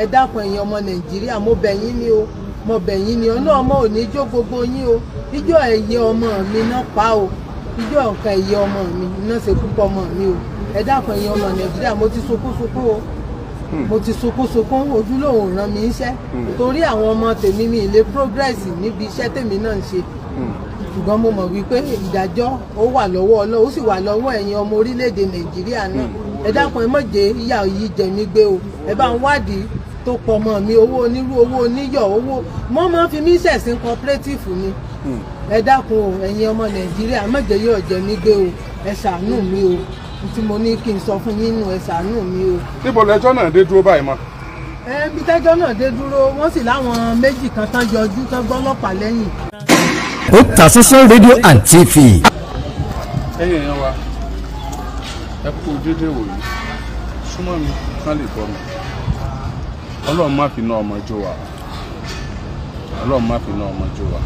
ẹ dákun ẹ̀yin ọmọ nàìjíríà mo bẹ̀ yín ni o mo bẹ̀ yín ni ọ̀nà ọmọ ò ní jó gbogbo yín o ijó ẹ̀yẹ ọmọ mi náà pa o ijó ọ̀kan ẹ̀yẹ ọmọ mi iná ṣe púpọ̀ ọmọ mi o ẹ dákun ẹ̀yin ọmọ nàìjíríà mo ti sunkún sunkún o hmm. mo ti sunkún sunkún ojú lòun ràn mí iṣẹ́ hmm. torí àwọn ọmọ tèmi mi ilé progress níbi iṣẹ́ tèmi náà ń ṣe hmm. ṣùgbọ́n mo mọ̀ wípé ìdájọ́ ó wà lọ́wọ́ ọlọ́ ó sì wà lọ́wọ́ ẹ̀yin ọmọ orílẹ̀-èdè nàìjíríà náà ẹ dákun ẹ má jẹ́ ìyà yìí jẹ mí gbé o ẹ bá ń wádìí tó pọ̀ mọ́ mi owó onírú owó oníyọ̀ owó mọ́ mọ́ fi mí ṣẹ̀sìn cooperative ni hmm. ẹ dákun o ẹ̀yin ọmọ nàìjíríà mọ̀jẹ̀ yóò jẹ mí gbé o ẹ ṣàánú mi o tí mo ní kí n sọ fún yín nù ẹ ṣàánú mi o. níbo lẹjọ́ náà dé dúró báyìí mọ́. ẹ bí tẹ́jọ́ náà dé dúró wọ́n sì láwọn méjì kan tán yọjú tán gbọ́ ọlọ́pàá lẹ́yìn. Otasansan rédíò and TV. ẹ̀yin èèyàn wa ẹ kú déédéé wòye súnmọ́ mi kán lè bọ́ mi ọlọ́run má fi ná ọmọ jó wa ọlọ́run má fi ná ọmọ jó wa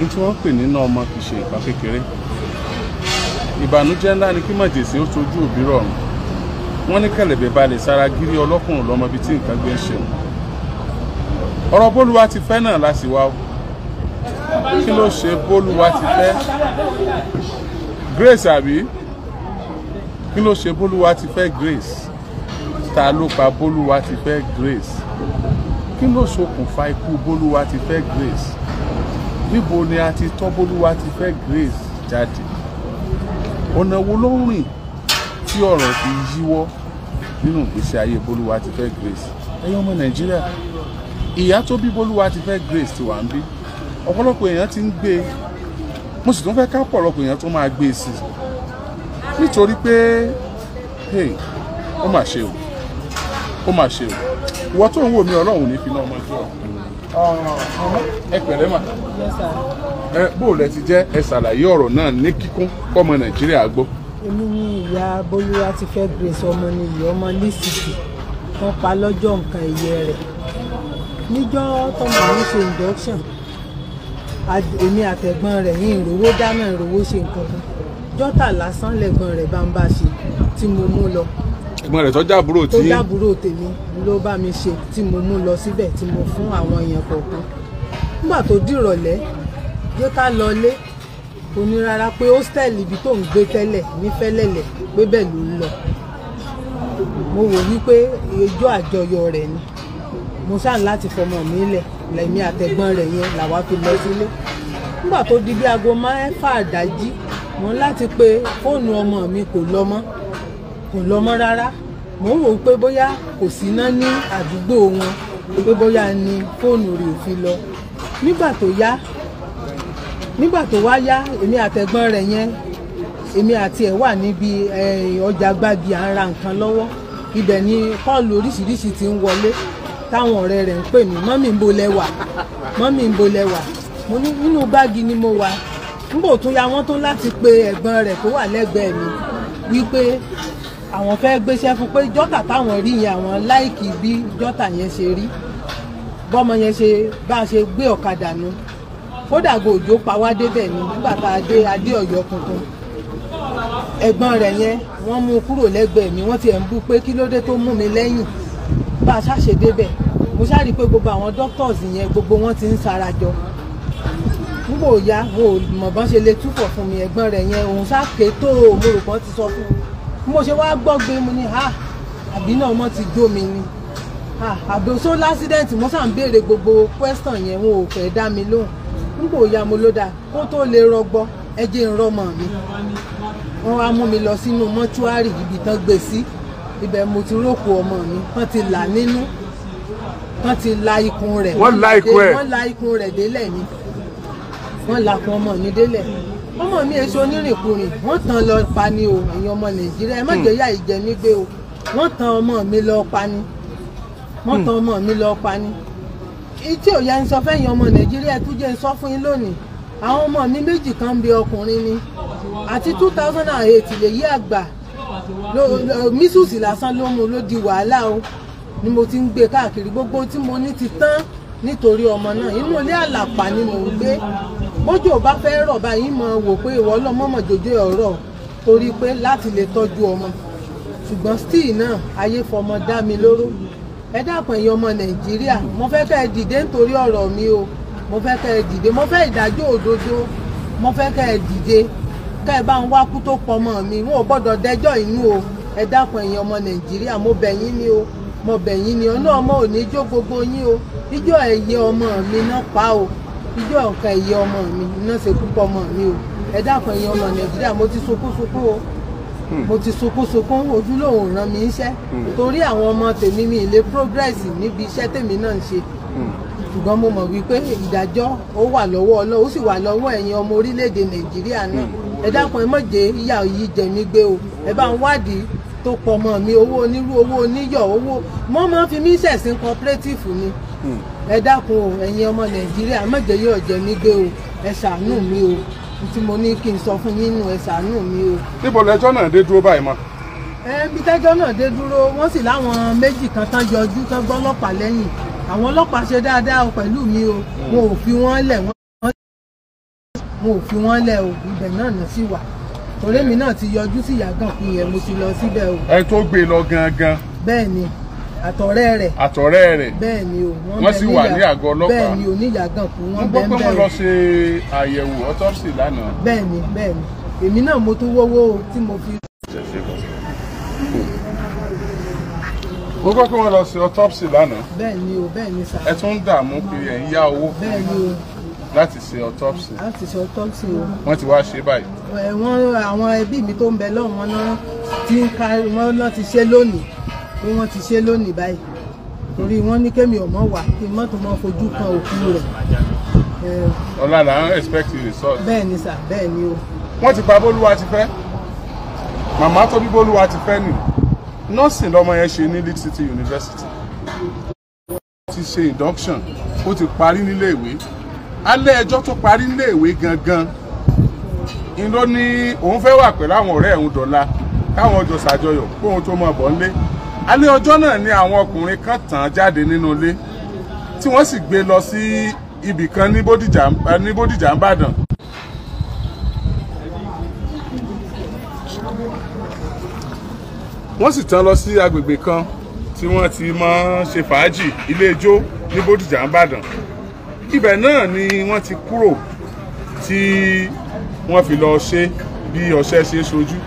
ní tí wọ́n pè nínú ọmọ kì í ṣe ìpa kékeré ìbànújẹ́ ńlá ni kí màjèsí ó tojú òbí rọrùn wọ́n ní kẹ̀lẹ̀bẹ̀ balẹ̀ sára gírí ọlọ́kùnrin lọ́mọ ibi tí nǹkan gbé ń ṣe ọ̀rọ̀ bólúwa ti fẹ́ náà láti wá kí ló ṣe bólúwa ti fẹ́ grace àbí kí ló ṣe bólúwa ti fẹ́ grace ta ló pa Bólúwatifẹ́ Grace kí ló ṣokùnfà ikú Bólúwatifẹ́ Grace níbo ni a ti tọ́ Bólúwatifẹ́ Grace jáde ọ̀nà wo ló ń rìn tí ọ̀rọ̀ fi yíwọ́ nínú ìgbésí ayé Bólúwatifẹ́ Grace ẹ̀yin ọmọ Nàìjíríà ìyá tó bí Bólúwatifẹ́ Grace ti wà ń bí ọ̀pọ̀lọpọ̀ èèyàn ti ń gbé e mo sì tún fẹ́ ká pọ̀lọpọ̀ èèyàn tó máa gbé e sí i nítorí pé ó mà ṣe o ó mà ṣe o ìwọ tó ń wò mí ọlọ́run ò ní fi náà mọ́ ẹjọ́ ẹ pẹ̀lẹ́ mà ẹ bóòlù ẹ ti jẹ́ ẹ ṣàlàyé ọ̀rọ̀ náà ní kíkún kọ́mọ nàìjíríà gbọ́. èmi ni ìyá bolúwa ti fẹ́ grace ọmọ ni ìyá ọmọ lísìkì wọ́n pa lọ́jọ́ nǹkan ẹ̀yẹ rẹ̀ níjọ́ tọmọ àwọn ṣe induction èmi àtẹ̀gbọ́n rẹ̀ yìí ìrówó dáná ìrówó ṣe nǹkan kan jọ́tà lásán lẹ́gbọ́n rẹ̀ bá ń bá ṣe tí mo mú lọ ẹ̀gbọ́n rẹ̀ tọ́jà àbúrò tí. tọ́jà àbúrò tèmi ló bá mi ṣe tí mo mú lọ síbẹ̀ tí mo fún àwọn èèyàn kọ̀ọ̀kan nígbà tó dìrọ̀lẹ́ jẹ́ ká lọ lé onírara pé hostel ibi tó ń gbé tẹ́lẹ̀ ní fẹ́lẹ́lẹ̀ pé bẹ́ẹ̀ ló ń lọ mo wò wípé ọjọ́ àjọyọ̀ rẹ̀ ni mo ṣáà láti fọmọ mi lẹ̀ lẹ́mí àtẹ̀gbọ́n rẹ̀ yẹn làwa fi lọ sílé nígbà tó di bí aago mẹ́fà àdájí mo ń láti pe fóònù ọmọ mi kò lọ mọ́ kò lọ mọ́ rárá mò ń wò pé bóyá kò síná ní àdúgbò wọn pé bóyá ni fóònù rẹ̀ fi lọ nígbà tó yá nígbà tó wá yá èmi àtẹ̀gbọ́n rẹ̀ yẹn èmi àti ẹ̀ wà níbi ọjà gbági à ń ra nǹkan lọ́wọ́ ibẹ̀ ni kọ́ọ̀lù oríṣiríṣi ti ń wọlé táwọn ọ̀rẹ́ rẹ̀ ń pè mí mọ́mì ń bo lẹ́wà mọ́mì ń bo lẹ́wà mo ní nínú báàgì ni mo wà nígbà tó yá wọ́n tó láti pe ẹ̀gbọ́n rẹ̀ tó wà lẹ́gbẹ̀ẹ́ mi wípé àwọn fẹ́ gbéṣẹ́ fún pé jọ́tà táwọn rí yẹn àwọn láìkì bí jọ́tà yẹn ṣe rí bọ́mọ yẹn ṣe bá a ṣe gbé ọ̀kadà nu kódà gòjò pa wá débẹ̀ ni nígbà tá a dé adé ọ̀yọ́ tuntun ẹ̀gbọ́n rẹ̀ yẹn wọ́n mú kúrò lẹ́gbẹ̀ẹ́ mi wọ́n ti ẹ̀ ń bú pé kí ló dé tó mú mi lẹ́yìn bá a ṣàṣe débẹ̀ mo ṣáàrí pé gbogbo àwọn doctors yẹn gbogbo wọn ti ń sarajọ nígbò ya mo mọ̀ bọ́n ṣe lè túfọ̀ fún mi ẹ̀gbọ́n rẹ̀ yẹn òun ṣáà mo rò pọ́n ti sọ fún mi mo ṣe wá gbọ́gbé mo ní ha àbí náà mo ti jó mi ni àbí oṣó lásídẹ̀ǹtì mo sàn béèrè gbogbo question yẹn wọn ò fẹ́ dá mi lóhùn n kò ya mo ló dáa kó tó lè rọgbọ ẹ ń rọmọ mi wọ́n wá mú mi lọ sínú mọ́túárì ibi tán gbé sí ibẹ̀ mo ti rókò ọmọ mi wọ́n ti là nínú wọ́n ti la ikùn rẹ̀ wọ́n la ikùn rẹ̀ délẹ̀ ni wọ́n la kun ọmọ mi délẹ̀ ni ọmọ mi èso onírìnkùnrin wọ́n tàn lọ pa ni o èèyàn ọmọ nàìjíríà ẹ má hmm. jẹ́ yá ìjẹ mi gbé o wọ́n tàn ọmọ mi lọ pa ni wọ́n hmm. tàn ọmọ mi lọ pa ni tí ò yẹ ń sọ fẹ́yìn ọmọ nàìjíríà tó jẹ́ ń sọ fún yín lónìí àwọn ọmọ mi méjì kan bí ọkùnrin ni àti two thousand and eight lè yí àgbà mísùsì lásán ló mú ló di wàhálà o ni mo ti ń gbé káàkiri gbogbo tí mo ní ti tán nítorí ọmọ náà inú ilé àlàpà ni mò ń gbé bójú ò bá fẹ́ rọ̀ báyìí máa wò pé ìwọ ọlọ́mọ mọ̀jọ́jọ́ ọ̀rọ̀ torí pé láti lè tọ́jú ọmọ ṣùgbọ́n still náà ayé fọmọ dá mi lóró ẹ dákun ẹ̀yin ọmọ nàìjíríà mo fẹ́ kẹ́ ẹ dìde nítorí ọ̀rọ̀ mi o mo fẹ́ kẹ́ ẹ dìde mo fẹ́ ìdájọ́ òdodo mo fẹ́ kẹ́ ẹ dìde kẹ́ ẹ bá ń wá kú tó pọmọ mi wọn ò gbọ́dọ̀ dẹjọ́ inú o ẹ dákun ẹ̀yin ọmọ nàìjíríà mo bẹ̀ yín ni o mo bẹ̀ yín ni ọ̀nà ọmọ ò ní jó gbogbo yín o ijó ẹ̀yẹ ọmọ mi náà pa o ìjọ nǹkan ẹ̀yẹ ọmọ mi iná ṣe púpọ̀ ọmọ mi o ẹ dákun ẹ̀yẹ ọmọ nàìjíríà mo ti sunkún sunkún o hmm. mo ti sunkún sunkún ojú lòun ràn mí iṣẹ́ hmm. torí àwọn ọmọ tèmi mi ilé progress níbi iṣẹ́ tèmi náà ń ṣe hmm. ṣùgbọ́n mo mọ̀ wípé ìdájọ́ ó wà lọ́wọ́ ọlọ́run ó sì wà lọ́wọ́ ẹ̀yin ọmọ orílẹ̀-èdè nàìjíríà náà ẹ dákun ẹ má jẹ́ ìyà yìí jẹ mí gbé o ẹ bá ń wádìí tó pọ̀ mọ́ mi owó onírú owó oníyọ̀ owó mọ́ mọ́ fi mí ṣẹ̀sìn cooperative ni. Mm ẹ dákun o ẹ̀yin ọmọ nàìjíríà mẹ́jẹ yóò jẹ mí gbé o ẹ ṣàánú mi o tí mo ní kí n sọ fún yín nù ẹ ṣàánú mi o. níbo lẹjọ́ náà dé dúró báyìí mọ́. ẹ bí tẹ́jọ́ náà dé dúró wọ́n sì láwọn méjì kan tán yọjú tán gbọ́ ọlọ́pàá lẹ́yìn àwọn ọlọ́pàá ṣe dáadáa o pẹ̀lú mi o wọn ò fi wọ́n lẹ̀ wọ́n wọn ò fi wọ́n lẹ̀ o ibẹ̀ náà náà sì wà torí mi náà ti yọjú sí ìyá gànkú yẹn mo ti lọ síbẹ̀ o. ẹ tó gbé lọ gangan. bẹ́ẹ̀ àtọ̀rẹ́ rẹ̀ àtọ̀rẹ́ rẹ̀ bẹ́ẹ̀ ni o wọ́n sì wà ní àgọ́ ọlọ́pàá bẹ́ẹ̀ ni o níyàgàn kù wọ́n bẹ́ẹ̀ bẹ́ẹ̀ mo gbọ́ wọ́n lọ ṣe àyẹ̀wò autopsy lánàá. bẹ́ẹ̀ ni bẹ́ẹ̀ ni èmi náà mo tún wọ́wọ́ tí mo fi. mo gbọ́ pé wọ́n lọ ṣe autopsy lánàá. bẹ́ẹ̀ ni o bẹ́ẹ̀ ni sà. ẹ tún ń dààmú kiri ẹ̀ ń yá owó. bẹ́ẹ̀ ni o láti ṣe autopsy. láti ṣe autopsy o. wọ́n ti wá ṣe báyìí. wọ́n àwọn ẹbí mi tó ń bẹ lọ́wọ́ wọn náà ti ń ka wọ́n náà ti ṣe lónìí bí wọ́n ti ṣe lónìí báyìí torí wọ́n ní kémi ọ̀mọ́ wà kí mọ́tò mọ́ fojú kan òkú rẹ̀. ọ̀la là ń expect you result. bẹ́ẹ̀ ni sà bẹ́ẹ̀ ni o. wọ́n ti pa bólúwa ti fẹ́ màmá tó bí bólúwa ti fẹ́ nì nọ́ọ̀sì lọmọ yẹn ṣe ní Lead City University ó ti ṣe induction ó ti parí níléèwé alẹ́ ẹjọ́ tó parí níléèwé gangan n ló ní òun fẹ́ wà pẹ̀lú àwọn ọ̀rẹ́ òun dọ̀la káwọn jọ ṣàjọyọ̀ kóun tó mọ̀ bọ́ nílé alẹ́ ọjọ́ náà ni àwọn ọkùnrin kan tàn án jáde nínú ilé tí wọ́n sì gbé lọ sí ibì kan ní Bódìjà ńbàdàn. wọ́n sì tàn lọ sí agbègbè kan tí wọ́n ti máa ń ṣe fàájì ilé ijó ní Bódìjà ńbàdàn ibẹ̀ náà ni wọ́n ti kúrò tí wọ́n fi lọ ṣe bí ọṣẹ ṣe ṣojú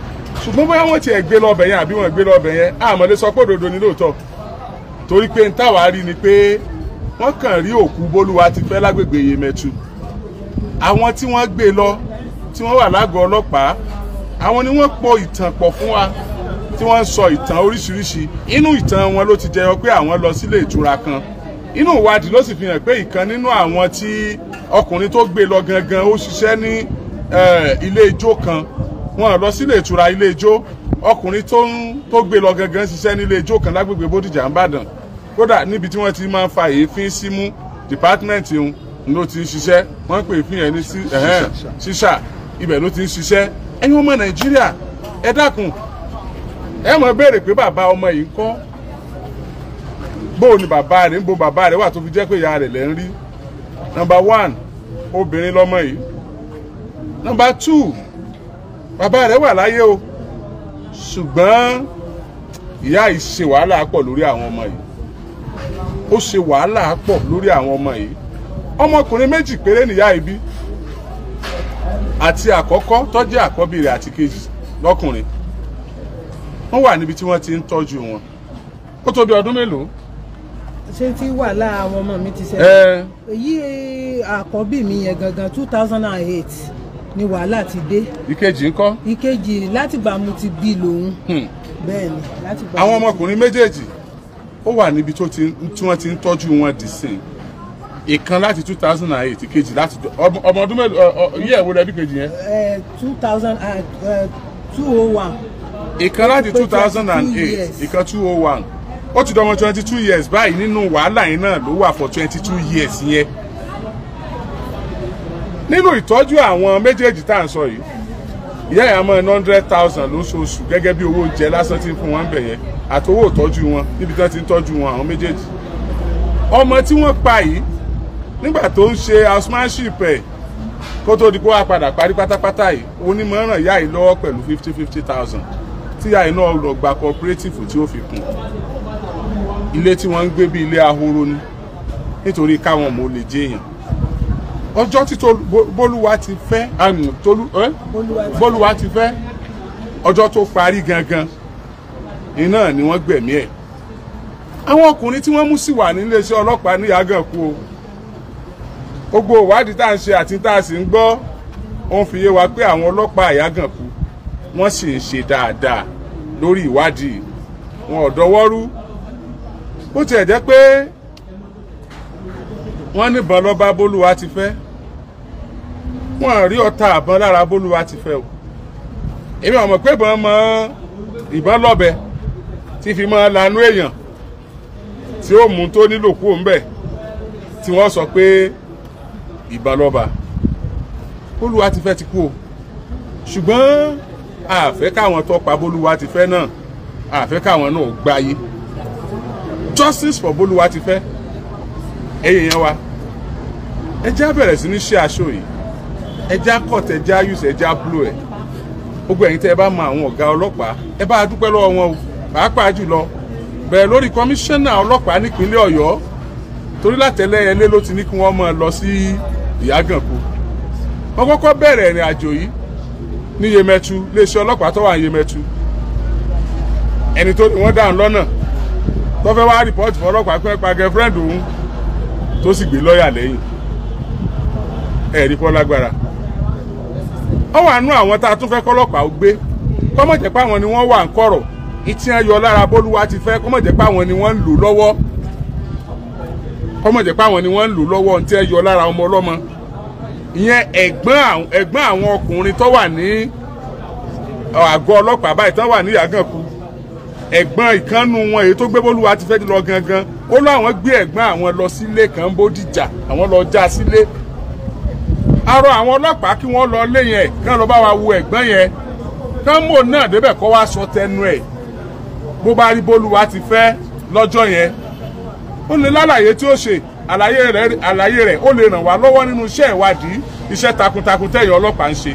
ṣùgbọ́n bóyá wọ́n tiẹ̀ gbé lọ́bẹ̀ yẹn àbí wọ́n gbé lọ́bẹ̀ yẹn àmọ́lé sọ pé òdodo ni lóòótọ́ torí pé ń táwa rí ni pé wọ́n kàn rí òkú bólúwa ti fẹ́ lágbègbè Yemẹtu àwọn tí wọ́n gbé lọ tí wọ́n wà lágọ̀ọ́ ọlọ́pàá àwọn ni wọ́n pọ ìtàn pọ̀ fún wa tí wọ́n ń sọ ìtàn oríṣiríṣi inú ìtàn wọn ló ti jẹyọ pé àwọn lọ sílé ìtura kan inú ìwádìí ló sì fi hàn pé ìkan nínú àwọn tí ọkùnrin tó gbé lọ gangan ó ṣiṣẹ́ ní ilé ijó kan wọn lọ sílé ìtura ilé ijó ọkùnrin tó ń tó gbé lọ gangan ṣiṣẹ́ nílé ijó kan lágbègbè bódìjà ńbàdàn kódà níbi tí wọ́n ti máa ń fa èéfín símú dìpátímẹ́ǹtì òun ló ti ń ṣiṣẹ́ wọ́n pè fún yẹn ní ṣíṣà ibẹ̀ ló ti ń ṣiṣẹ́ ẹ̀yin ọmọ nàìjíríà ẹ dákun ẹ mọ̀ béèrè pé bàbá ọmọ yìí ń kọ́ bóò ni bàbá rẹ̀ ń bo bàbá rẹ̀ wà tó fi jẹ́ pé ìyá rẹ̀ lẹ́ ń rí number one obìnrin lọ́mọ yìí number two bàbá rẹ̀ wà láyé o ṣùgbọ́n ìyá yìí ṣe wàhálà pọ̀ lórí àwọn ọmọ yìí ó ṣe wàhálà pọ̀ lórí àwọn ọmọ yìí ọmọkùnrin méjì péré nìyá yìí bí àti àkọ́kọ́ tó jẹ́ àkọ́bí rẹ̀ àti kejì lọ́kùnrin wọ́n wà níbi tí wọ́n ti ń tọ́jú wọn ó tó bí ọdún mélòó. ṣé tí wàhálà àwọn ọmọ mi ti ṣẹlẹ̀ èyí àkọ́bí mi yẹn gangan two thousand and eight ni wàhálà ti dé. ìkejì ńkọ́. ìkejì látìgbà mo ti bí lòun. Hmm. bẹ́ẹ̀ ni látìgbà. àwọn ọmọkùnrin méjèèjì ó wà níbi tó ti tí wọ́n ti ń tọ́jú wọn dì sí ìkan láti two thousand and eight ìkejì láti ọmọ ọdún mélòó yíyẹ ìwé rẹ bí kejì yẹn. two thousand and two oh one. ìkan láti two thousand and eight ìkan two oh one ó ti dọmọ twenty two years báyìí nínú wàhálà yẹn náà ló wà for twenty two years yẹn. Yeah nínú ìtọ́jú àwọn méjèèjì tá à ń sọ yìí ìyá ìyá mọ́ one hundred thousand lóṣooṣù gẹ́gẹ́ bí owó oúnjẹ lásán tí ń fún wọn ń bẹ̀ yẹn àti owó ìtọ́jú wọn níbi tí wọ́n ti ń tọ́jú wọn àwọn méjèèjì ọmọ tí wọ́n pa yìí nígbà tó ń ṣe housemanship ẹ̀ kó tó di kó wá padà parí pátápátá yìí onímọ̀ràn ìyá yìí lọ́wọ́ pẹ̀lú fifty fifty thousand tí ìyá yìí náà lọ gba cooperative tí ó fi kún ilé tí wọ́n ń gbé bí ilé ahoro ni nítorí káwọn mò lè jẹ́yàn ọjọ́ tí bólúwa ti fẹ́ bólúwa ti fẹ́ ọjọ́ tó parí gangan iná ni wọ́n gbẹ̀mí ẹ̀ àwọn ọkùnrin tí wọ́n mú sí wà níléeṣẹ́ ọlọ́pàá ní yàgànkú o gbogbo ìwádìí tá à ń ṣe àti tá a sì ń gbọ́ òun fi yé wa pé àwọn ọlọ́pàá yàgànkú wọ́n sì ń ṣe dáadáa lórí ìwádìí wọn ò dọwọ́rú bó tiẹ̀ jẹ́ pé wọ́n níbọn lọ́ba bólúwa ti fẹ́ wọ́n rí ọta àbọn lára bólúwa ti fẹ́ o èmi ọmọ pé ìbọn mọ ìbọn lọ́bẹ tí fi mọ lanú èèyàn tí ó mú tó nílò kúrò ńbẹ tí wọ́n sọ pé ìbọn lọ́ba bólúwa ti fẹ́ ti kú o ṣùgbọ́n àfẹ́ káwọn tó pa bólúwa ti fẹ́ náà àfẹ́ káwọn náà gbáyé justice for bólúwa ti fẹ́ ẹ̀yin yẹn wa ẹ já bẹ̀rẹ̀ sí ní ṣe aṣọ yìí ẹ já cut ẹ já use ẹ já blow ẹ̀ gbogbo ẹ̀yin tẹ́ ẹ bá mọ àwọn ọ̀gá ọlọ́pàá ẹ bá dúpẹ́ lọ́wọ́ wọn o pàápàá jùlọ bẹ̀rẹ̀ lórí kọmíṣánná ọlọ́pàá nípínlẹ̀ ọ̀yọ́ torí látẹ̀lẹ́yẹlé ló ti ní kí wọ́n máa lọ sí ìyágànkù wọ́n kọ́kọ́ bẹ̀rẹ̀ ìrìn àjò yìí ní yemẹtu iléeṣẹ́ ọlọ́pàá tó wà ní yemẹtu ẹni tó ní wọ́n dáhùn lọ́nà tó fẹ́ wá rìpọ́ọ̀tì fún ọlọ́pàá pé pa girlfriend òun tó sì gbé lọ́ọ̀yà lẹ́yìn ẹ̀rí pọ́ lágbára ọ wà nú àwọn tá a tún fẹ́ kọ́lọ́pàá ó gbé kọ́mọ̀jẹ́ pé àwọn ni wọ́n wà ń kọ̀rọ̀ ìtì ayọ̀ lára bólúwa ti fẹ́ kọ́mọ̀jẹ́ pé àwọn ni wọ́n ń lò lọ́wọ́ kọ́mọ̀jẹ́ pé àwọn ni wọ́n ń lò lọ́wọ́ ntí ayọ̀ lára ọmọ ọlọ́mọ ìyẹn ẹ̀gbọ́n àwọn ọkùnrin tó wà ní àgọ́ ọlọ́pàá báyìí tó wà ní Yàgànkù ẹ̀gbọ́n ìkànnù wọn èyí tó gbé bólúwa ti fẹ́ lọ gangan ó lọ àwọn gbé ẹ̀gbọ́n àwọn lọ sílé kan bódìjà àwọn lọ já sílé arọ àwọn ọlọ́pàá kí wọ́n lọ lé yẹn kán lọ bá wa wo ẹ̀gbọ́n yẹn kánmò náà débẹ̀ kọ́ wá sọ tẹnu ẹ̀ bó bá rí bólúwa ti fẹ́ lọ́jọ́ yẹn ó lè lálàyé tí ó ṣe àlàyé rẹ̀ àlàyé rẹ̀ ó lè ràn wá lọ́wọ́ nínú iṣẹ́ ìwádìí iṣẹ́ takuntakun tẹ̀yìn ọlọ́pàá ń ṣe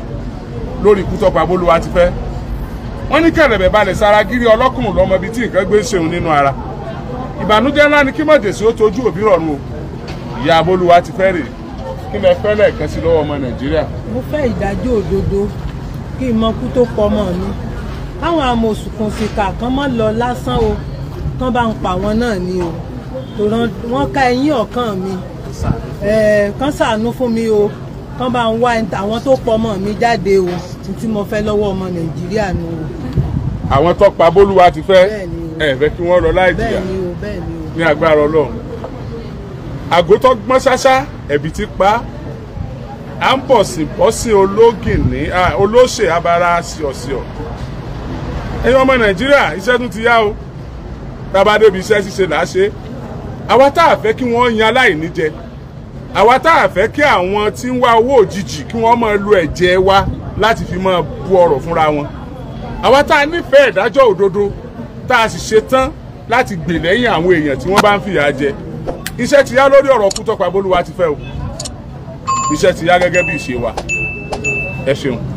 lórí ikú tó pa bólúwa ti fẹ́ wọ́n ní kẹ̀rẹ̀bẹ̀ balẹ̀ sára gírí ọlọ́kùnrin lọ́mọ ibi tí nǹkan gbé ṣeun nínú ara ìbànújẹ́ ńlá ni kí mọ̀jẹ̀sí ó tojú òbí rọ̀rùn o ìyá abolúwa ti fẹ́ rè kí lẹ fẹ́ lẹ́ẹ̀kan sí lọ́wọ́ ọmọ nàìjíríà. mo fẹ́ ìdájọ́ òdodo kí n mọ kú tó pọ̀ mọ́ mi káwọn amòsùnkùnsìkà kan mọ́ lọ lásán o kán bá ń pa wọn náà ni o tòrán wọn ká ẹ̀yìn ọ̀kan mi kán ṣàánú fún mi o kán bá ń wá àwọn tó pọ̀ mọ́ mi jáde o tí mo fẹ́ lọ́wọ́ ọmọ nàìjíríà nù o. àwọn tó pa bólúwa ti fẹ́ ẹ fẹ́ kí wọ́n lọ láì jìyà ní agbára ọlọ́run àgótọ́ gbọ́n ṣáṣá ẹ̀bí ti pa á ń bọ̀ sí bọ́ sí ológìní olóṣè abara ṣìọ̀ṣìọ̀ ẹ̀yin ọmọ nàìjíríà iṣẹ́ tún ti yá o tá a bá débi iṣẹ́ ṣíṣe là á ṣe àwa tá a fẹ́ kí wọ́n yan aláìní jẹ àwa tá a fẹ́ kí àwọn tí ń wá owó òjijì kí wọ́n máa lo ẹ̀jẹ̀ wa láti fi máa bu ọ̀rọ̀ fúnra wọn àwa tá a nífẹ̀ẹ́ ìdájọ́ òdodo tá a sì ṣe tán láti gbè lẹ́yìn àwọn èèyàn tí wọ́n bá ń fìyà jẹ iṣẹ́ ti yá lórí ọ̀rọ̀ Kútọ́pàbólúwatifẹ́ o iṣẹ́ ti yá gẹ́gẹ́ bí ìṣe wa ẹ ṣeun.